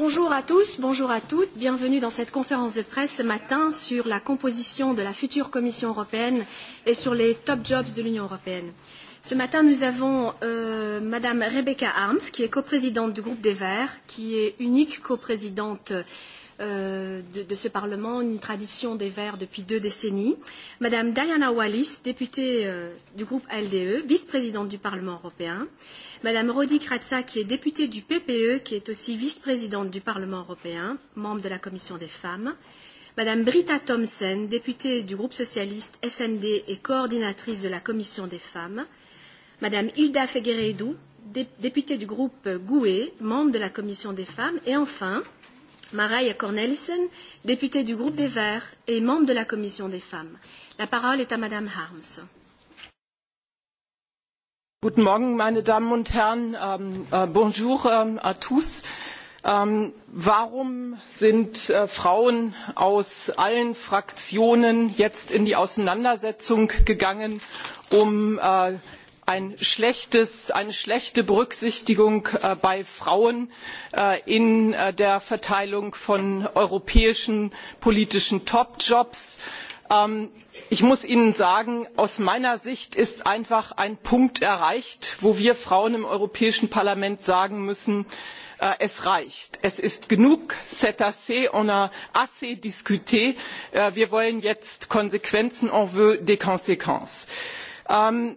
Bonjour à tous, bonjour à toutes. Bienvenue dans cette conférence de presse ce matin sur la composition de la future Commission européenne et sur les top jobs de l'Union européenne. Ce matin, nous avons euh, Madame Rebecca Arms, qui est coprésidente du groupe des Verts, qui est unique coprésidente euh, de, de ce Parlement, une tradition des Verts depuis deux décennies. Madame Diana Wallis, députée euh, du groupe LDE, vice-présidente du Parlement européen. Euh, Madame Rodi Kratza, qui est députée du PPE, qui est aussi vice-présidente du Parlement européen, membre de la Commission des femmes, Madame Britta Thomsen, députée du groupe socialiste SND et coordinatrice de la Commission des femmes, Madame Hilda Fegueredou, députée du groupe GUE, membre de la Commission des femmes, et enfin, Mareille Cornelissen, députée du groupe des Verts et membre de la Commission des femmes. La parole est à Madame Harms. Guten Morgen, meine Damen und Herren. Ähm, äh, bonjour ähm, à tous. Ähm, warum sind äh, Frauen aus allen Fraktionen jetzt in die Auseinandersetzung gegangen, um äh, ein eine schlechte berücksichtigung äh, bei frauen äh, in äh, der verteilung von europäischen politischen topjobs Ähm, ich muss ihnen sagen aus meiner sicht ist einfach ein punkt erreicht wo wir frauen im europäischen parlament sagen müssen äh, es reicht es ist genug c'est assez on a assez discut äh, wir wollen jetzt konsequenzen on veut des consquences. Ähm,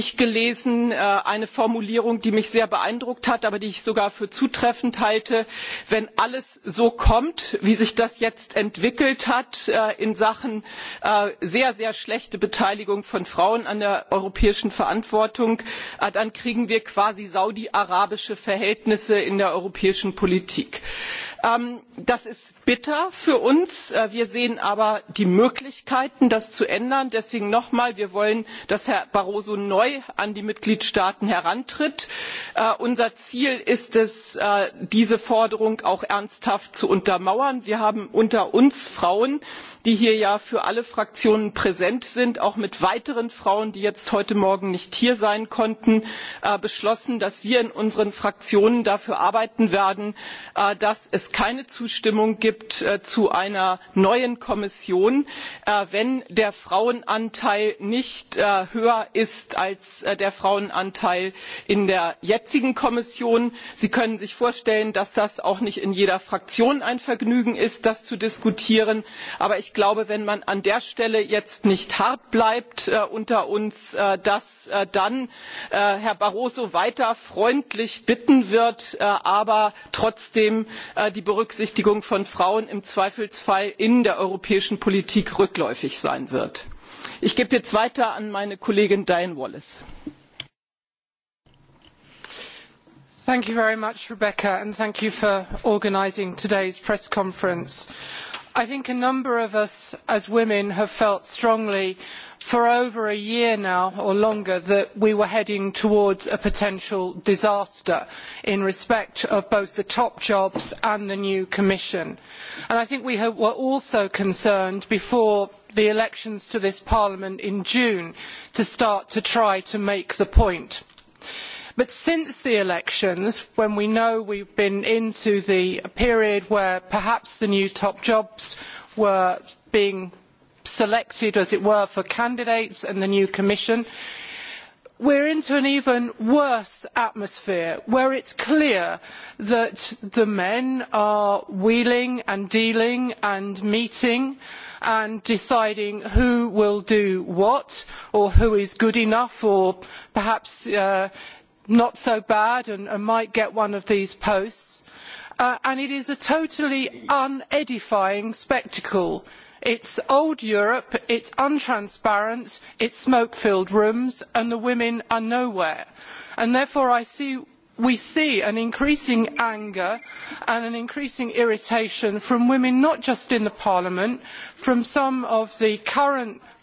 ich gelesen äh, eine formulierung die mich sehr beeindruckt hat aber die ich sogar für zutreffend halte wenn alles so kommt wie sich das jetzt entwickelt hat äh, in sachen äh, sehr sehr schlechte beteiligung von frauen an der europäischen verantwortung dann kriegen wir quasi saudi arabische verhältnisse in der europäischen politik. Ähm, das ist bitter für uns. Äh, wir sehen aber die möglichkeiten das zu ändern. deswegen noch einmal wir wollen dass herr barroso neu an die mitgliedstaaten herantritt. Äh, unser ziel ist es äh, diese forderung auch ernsthaft zu untermauern. wir haben unter uns frauen die hier ja für alle fraktionen präsent sind auch mit weiteren frauen die jetzt heute morgen nicht hier sein konnten beschlossen dass wir in unseren fraktionen dafür arbeiten werden dass keine zustimmung gibt äh, zu einer neuen kommission äh, wenn der frauenanteil nicht äh, höher ist als der frauenanteil in der jetzigen kommission. sie können sich vorstellen dass das auch nicht in jeder fraktion ein vergnügen ist das zu diskutieren aber ich glaube wenn man an der stelle jetzt nicht hart bleibt unter uns dass dann herr barroso weiter freundlich bitten wird aber trotzdem die berücksichtigung von frauen im zweifelsfall in der europäischen politik rückläufig sein wird. ich gebe jetzt weiter an meine kollegin diane wallis. thank you very much rebecca and thank you for organising today's press conference. I think a number of us as women have felt strongly for over a year now or longer that we were heading towards a potential disaster in respect of both the top jobs and the new commission. And I think we were also concerned before the elections to this parliament in June to start to try to make the point But since the elections, when we know we've been into the period where perhaps the new top jobs were being selected, as it were, for candidates and the new commission, we're into an even worse atmosphere where it's clear that the men are wheeling and dealing and meeting and deciding who will do what or who is good enough or perhaps uh, not so bad and, might get one of these posts. Uh, and it is a totally unedifying spectacle. It's old Europe, it's untransparent, it's smoke-filled rooms, and the women are nowhere. And therefore we see an increasing anger and an increasing irritation from women not just in parliament from some of the current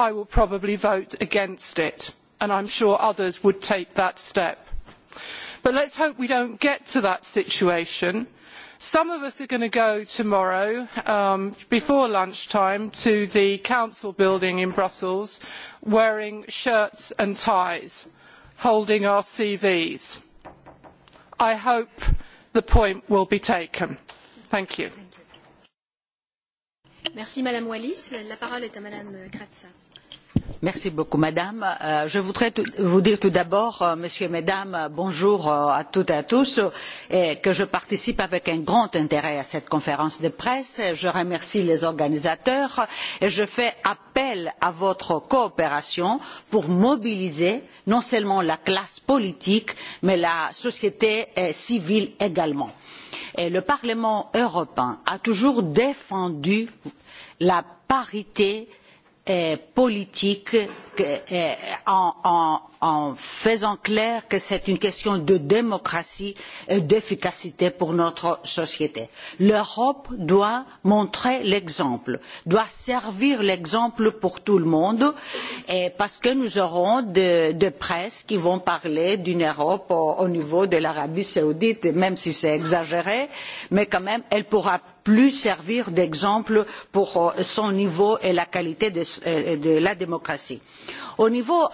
i will probably vote against it and i am sure others would take that step. but let us hope we do not get to that situation. some of us are going to go tomorrow um, before lunchtime to the council building in brussels wearing shirts and ties holding our cvs. i hope the point will be taken. thank you. Merci Madame Wallis. La Madame Madame. Euh, je voudrais vous dire tout d'abord, euh, messieurs et Mesdames, euh, bonjour à toutes et à tous, que je participe avec un grand intérêt à cette conférence de presse. Je remercie les organisateurs et je fais appel à votre coopération pour mobiliser non seulement la classe politique, mais la société civile également. le Parlement européen a toujours défendu la parité Eh, politic. Eh, en, en, en faisant clair que c'est une question de démocratie et d'efficacité pour notre société. L'Europe doit montrer l'exemple, doit servir l'exemple pour tout le monde, et parce que nous aurons des de presses qui vont parler d'une Europe au, au niveau de l'Arabie saoudite, même si c'est exagéré, mais quand même, elle pourra plus servir d'exemple pour euh, son niveau et la qualité de, euh, de la démocratie. Au niveau euh,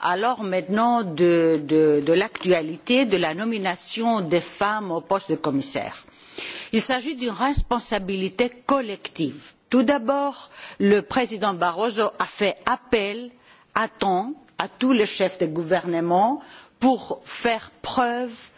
alors maintenant de, de, de l'actualité de la nomination des femmes au poste de commissaire, il s'agit d'une responsabilité collective. Tout d'abord, le président Barroso a fait appel à temps à tous les chefs de gouvernement pour faire preuve euh,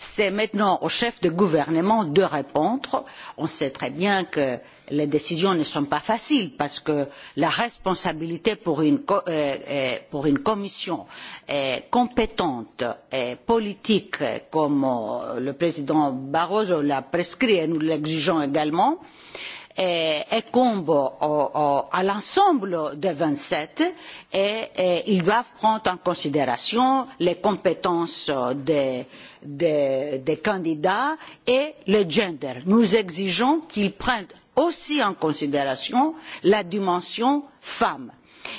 c'est maintenant au chef de gouvernement de répondre. On sait très bien que les décisions ne sont pas faciles parce que la responsabilité pour une, euh, euh, pour une commission compétente et politique comme euh, le président Barroso l'a prescrit et nous l'exigeons également, euh, incombe au, au, à l'ensemble des vingt sept et, et ils doivent prendre en considération les compétences des, des, des candidats et le gender. nous exigeons qu'ils prennent aussi en considération la dimension femme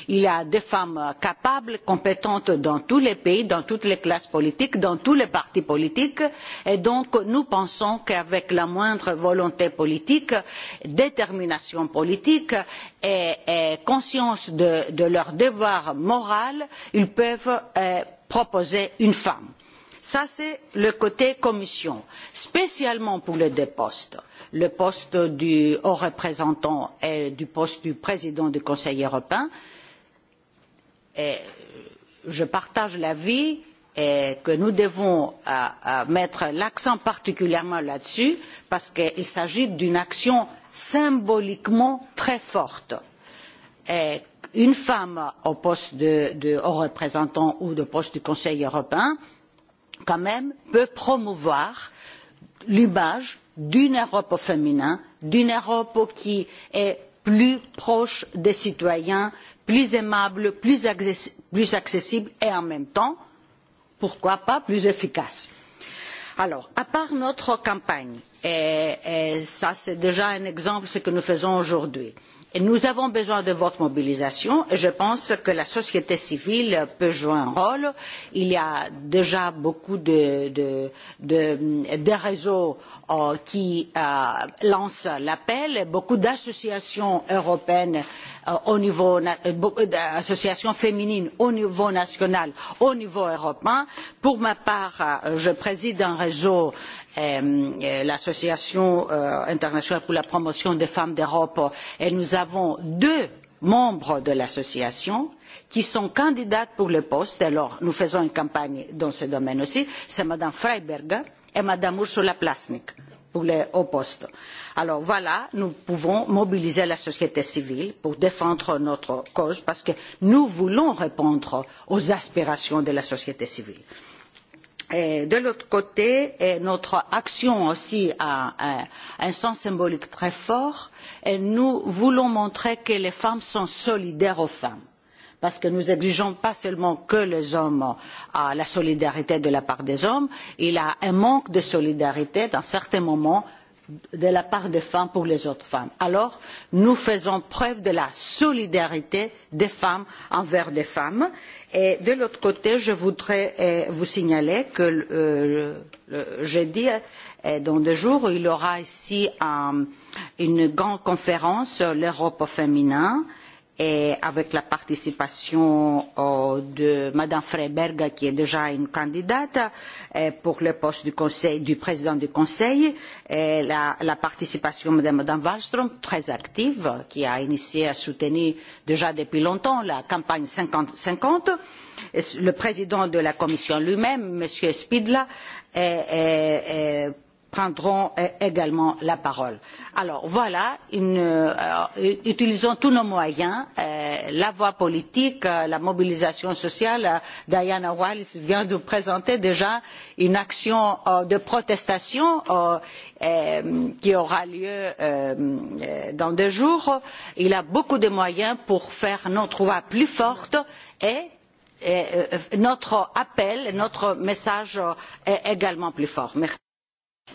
Il y a des femmes capables, compétentes dans tous les pays, dans toutes les classes politiques, dans tous les partis politiques. Et donc, nous pensons qu'avec la moindre volonté politique, détermination politique et, et conscience de, de leur devoir moral, ils peuvent euh, proposer une femme ça c'est le côté commission spécialement pour les deux postes le poste du haut représentant et du poste du président du conseil européen et je partage l'avis et que nous devons à, euh, à euh, mettre l'accent particulièrement là dessus parce qu'il s'agit d'une action symboliquement très forte. Et une femme au poste de, de haut représentant ou au poste du conseil européen quand même peut promouvoir l'image d'une Europe au féminin, d'une Europe qui est plus proche des citoyens, plus aimable, plus, accessi plus accessible et en même temps, pourquoi pas, plus efficace. Alors, à part notre campagne, et, et ça c'est déjà un exemple de ce que nous faisons aujourd'hui, euh, Et nous avons besoin de votre mobilisation et je pense que la société civile peut jouer un rôle. Il y a déjà beaucoup de, de, de, de réseaux Euh, qui euh, lance l'appel. Beaucoup d'associations européennes euh, au niveau d'associations féminines au niveau national, au niveau européen. Pour ma part, je préside un réseau l'association internationale pour la promotion des femmes d'Europe et nous avons deux membres de l'association qui sont candidates pour le poste. Alors nous faisons une campagne dans ce domaine aussi. C'est Madame Freiberger et Madame Ursula Plasnik pour les hauts postes. Alors voilà, nous pouvons mobiliser la société civile pour défendre notre cause parce que nous voulons répondre aux aspirations de la société civile. Et de l'autre côté, et notre action aussi a un, un sens symbolique très fort et nous voulons montrer que les femmes sont solidaires aux femmes parce que nous exigeons pas seulement que les hommes à la solidarité de la part des hommes, il y a un manque de solidarité dans certains moments de la part des femmes pour les autres femmes. Alors, nous faisons preuve de la solidarité des femmes envers les femmes. Et de l'autre côté, je voudrais eh, vous signaler que euh, le, le jeudi, eh, dans deux jours, il y aura ici um, une grande conférence sur l'Europe féminin. Euh, et avec la participation euh, de Madame Freiberg, qui est déjà une candidate euh, pour le poste du, conseil, du président du Conseil, et la, la participation de Madame Wallström, très active, qui a initié à soutenir déjà depuis longtemps la campagne 50-50, le président de la Commission lui-même, Monsieur Spidla, est, est, est prendront euh, également la parole. Alors voilà, une, euh, euh utilisons tous nos moyens, euh, la voie politique, euh, la mobilisation sociale. Euh, Diana Wallis vient de présenter déjà une action euh, de protestation euh, euh, qui aura lieu euh, dans deux jours. Il a beaucoup de moyens pour faire notre voix plus forte et et notre appel, notre message est également plus fort. Merci.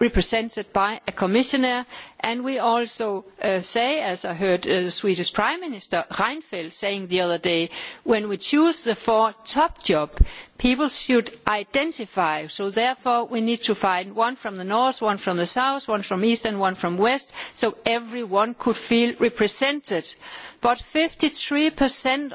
represented by a commissioner and we also uh, say as i heard the uh, swedish prime minister reinfeldt saying the other day when we choose the four top jobs people should identify so therefore we need to find one from the north one from the south one from east and one from west so everyone could feel represented but fifty three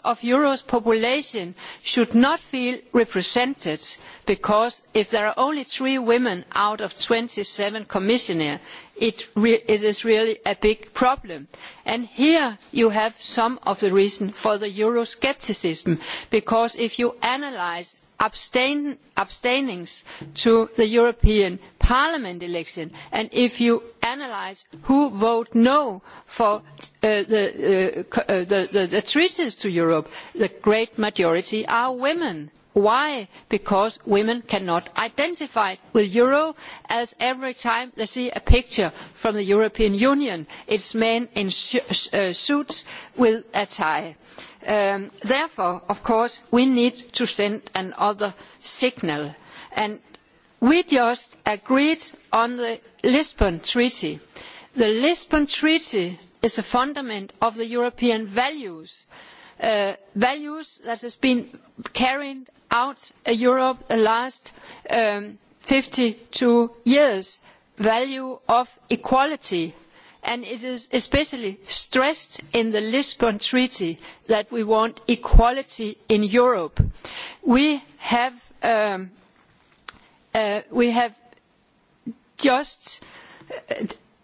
of europe's population should not feel represented because if there are only three women out of twenty seven commissioners it, is really a big problem. And here you have some of the reason for the Euroscepticism, because if you analyse abstaining abstainings to the European Parliament election, and if you analyse who voted no for uh, uh, uh, the treaties to Europe, the great majority are women Why? Because women cannot identify with Euro as every time they see a picture from the European Union, it's men in uh, suits with a tie. Um, therefore, of course, we need to send another signal. And we just agreed on the Lisbon Treaty. The Lisbon Treaty is a fundament of the European values. Uh, values that has been carried out in Europe the last um, fifty 52 years, value of equality. And it is especially stressed in the Lisbon Treaty that we want equality in Europe. We have, um, uh, we have just uh,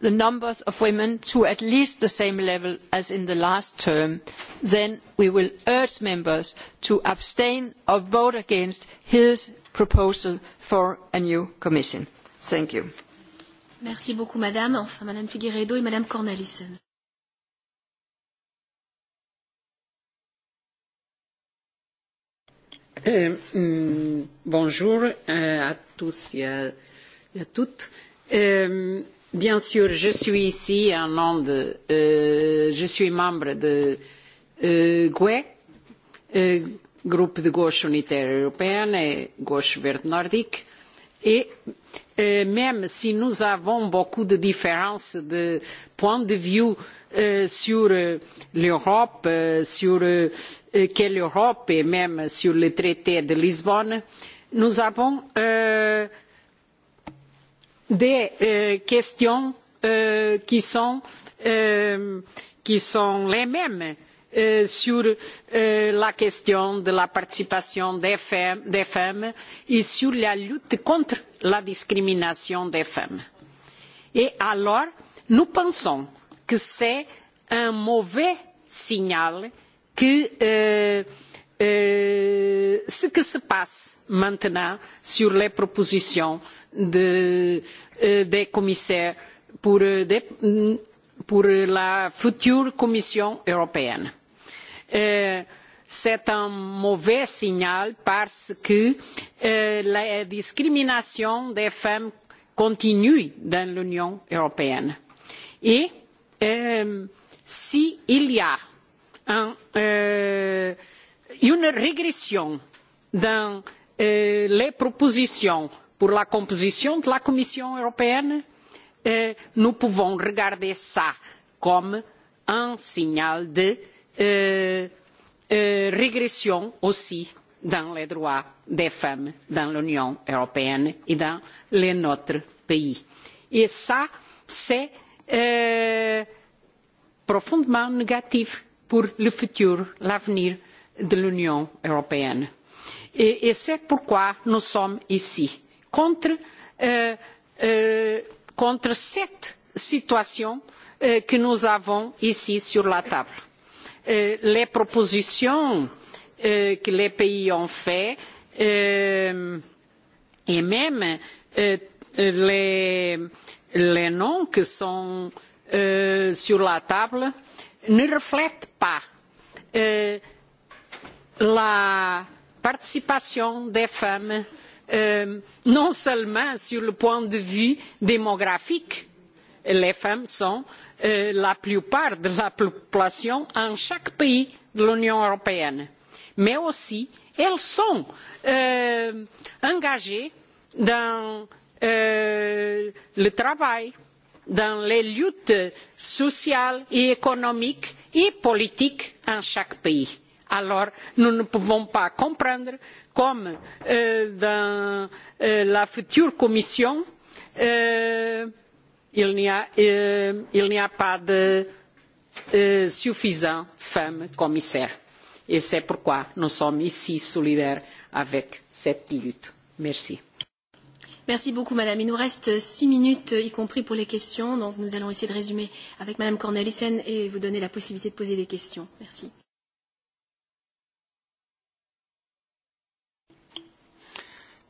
the numbers of women to at least the same level as in the last term, then we will urge members to abstain or vote against his proposal for a new commission. Thank you. Merci beaucoup, Madame. Enfin, Madame Figueredo et Madame Cornelissen. Eh, mm, bonjour euh, à tous et à, et à toutes. Eh, Bien sûr, je suis ici en nom de, euh, je suis membre de euh, GUE, euh, groupe de gauche unitaire européenne et gauche verte nordique, et euh, même si nous avons beaucoup de différences de point de vue euh, sur euh, l'Europe, euh, sur euh, quelle Europe et même sur le traité de Lisbonne, nous avons euh, des euh, questions euh, qui, sont, euh, qui sont les mêmes euh, sur euh, la question de la participation des femmes, des femmes et sur la lutte contre la discrimination des femmes. Et alors, nous pensons que c'est un mauvais signal que euh, ce eh, que se passe maintenant sur les propositions de, euh, des commissaires pour, euh, de, mm, pour la future Commission européenne. Euh, c'est un mauvais signal parce que euh, la discrimination des femmes continue dans l'Union européenne. Et euh, s'il y a un, euh, une régression dans euh, les propositions pour la composition de la Commission européenne, euh, nous pouvons regarder ça comme un signal de euh, euh, régression aussi dans les droits des femmes dans l'Union européenne et dans les notre pays. Et ça, c'est euh, profondément négatif pour le futur, l'avenir de l'Union européenne. Et, et c'est pourquoi nous sommes ici, contre, euh, euh, contre cette situation euh, que nous avons ici sur la table. Euh, les propositions euh, que les pays ont faites euh, et même euh, les, les noms qui sont euh, sur la table ne reflètent pas euh, la participation des femmes euh, non seulement sur le point de vue démographique les femmes sont euh, la plupart de la population en chaque pays de l'Union européenne, mais aussi elles sont euh, engagées dans euh, le travail, dans les luttes sociales et économiques et politiques en chaque pays Alors, nous ne pouvons pas comprendre comme euh, dans euh, la future Commission, euh, il n'y a, euh, a, pas de euh, suffisant femmes commissaires. Et c'est pourquoi nous sommes ici solidaires avec cette lutte. Merci. Merci beaucoup, Madame. Il nous reste six minutes, y compris pour les questions. Donc, nous allons essayer de résumer avec Madame Cornelissen et vous donner la possibilité de poser des questions. Merci.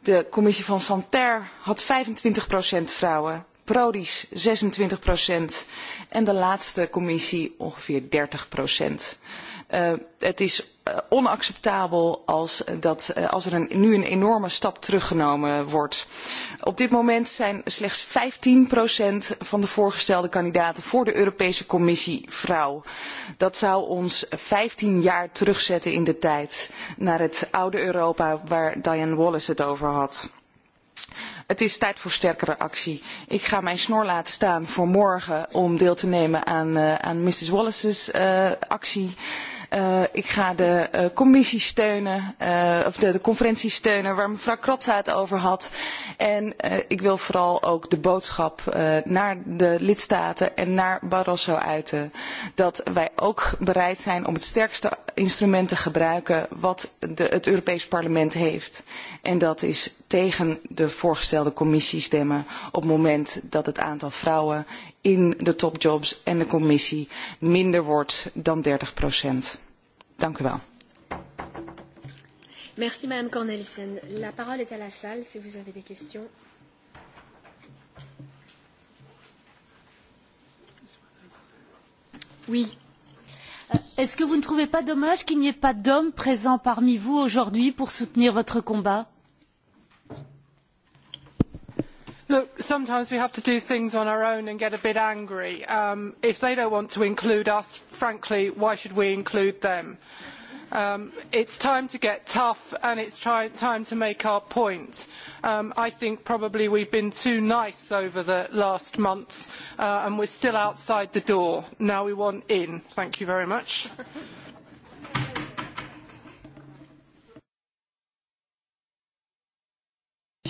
de commissie van Santer had 25 procent vrouwen, Prodis 26 procent en de laatste commissie ongeveer 30 procent. Uh, het is Eh, onacceptabel als, dat, eh, als er een, nu een enorme stap teruggenomen wordt. Op dit moment zijn slechts 15% van de voorgestelde kandidaten voor de Europese Commissie vrouw. Dat zou ons 15 jaar terugzetten in de tijd naar het oude Europa waar Diane Wallace het over had. Het is tijd voor sterkere actie. Ik ga mijn snor laten staan voor morgen om deel te nemen aan, uh, aan Mrs. Wallace's uh, actie. Uh, Uh, ik ga de uh, commissie steunen, uh, of de, de conferentie steunen waar mevrouw Kratza het over had. En uh, ik wil vooral ook de boodschap uh, naar de lidstaten en naar Barroso uiten. Dat wij ook bereid zijn om het sterkste instrument te gebruiken wat de, het Europees Parlement heeft. En dat is tegen de voorgestelde commissie stemmen op het moment dat het aantal vrouwen in de topjobs en de commissie minder wordt dan 30 procent. Dank u wel. Merci Madame Cornelissen. La parole est à la salle si vous avez des questions. Oui. Euh, est-ce que vous ne trouvez pas dommage qu'il n'y ait pas d'hommes présents parmi vous aujourd'hui pour soutenir votre combat look, sometimes we have to do things on our own and get a bit angry. Um, if they don't want to include us, frankly, why should we include them? Um, it's time to get tough and it's time to make our point. Um, I think probably we've been too nice over the last months uh, and we're still outside the door. Now we want in. Thank you very much.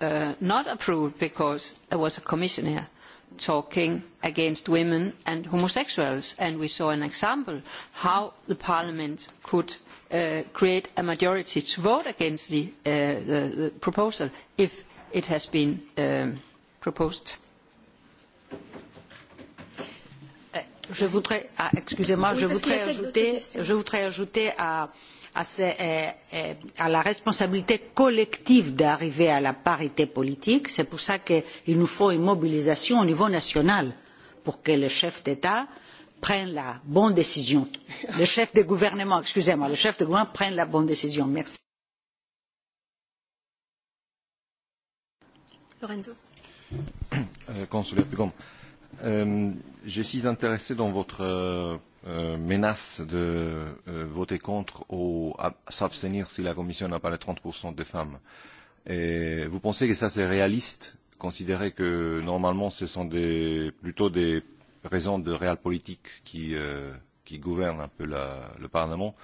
Uh, not approved because there was a commissioner talking against women and homosexuals and we saw an example how the parliament could uh, create a majority to vote against the, uh, the, the proposal if it has been um, proposed. Euh, je voudrais, ah, excusez-moi, oui, je, voudrais ajouter, je voudrais ajouter à, à, ce, euh, euh, à la responsabilité collective d'arriver à la parité politique. C'est pour ça qu'il nous faut une mobilisation au niveau national pour que les chefs d'État prennent la bonne décision. Le chef de gouvernement, excusez-moi, le chef de gouvernement prenne la bonne décision. Merci. Lorenzo. Euh, Consulat Pugom, euh, je suis intéressé dans votre euh, menace de euh, voter contre ou s'abstenir si la Commission n'a pas les 30% des femmes. Et vous pensez que ça c'est réaliste, considérer que normalement ce sont des, plutôt des raisons de réel politique qui, euh, qui gouvernent un peu la, le Parlement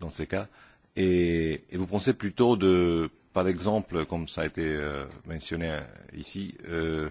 dans ces cas et, et vous pensez plutôt de, par exemple, comme ça a été euh, mentionné ici, euh,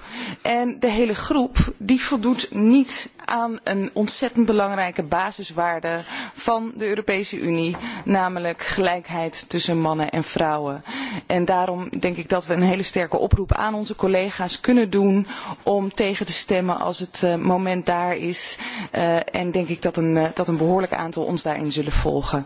En de hele groep die voldoet niet aan een ontzettend belangrijke basiswaarde van de Europese Unie, namelijk gelijkheid tussen mannen en vrouwen. En daarom denk ik dat we een hele sterke oproep aan onze collega's kunnen doen om tegen te stemmen als het uh, moment daar is. Uh, en denk ik dat een, uh, dat een behoorlijk aantal ons daarin zullen volgen.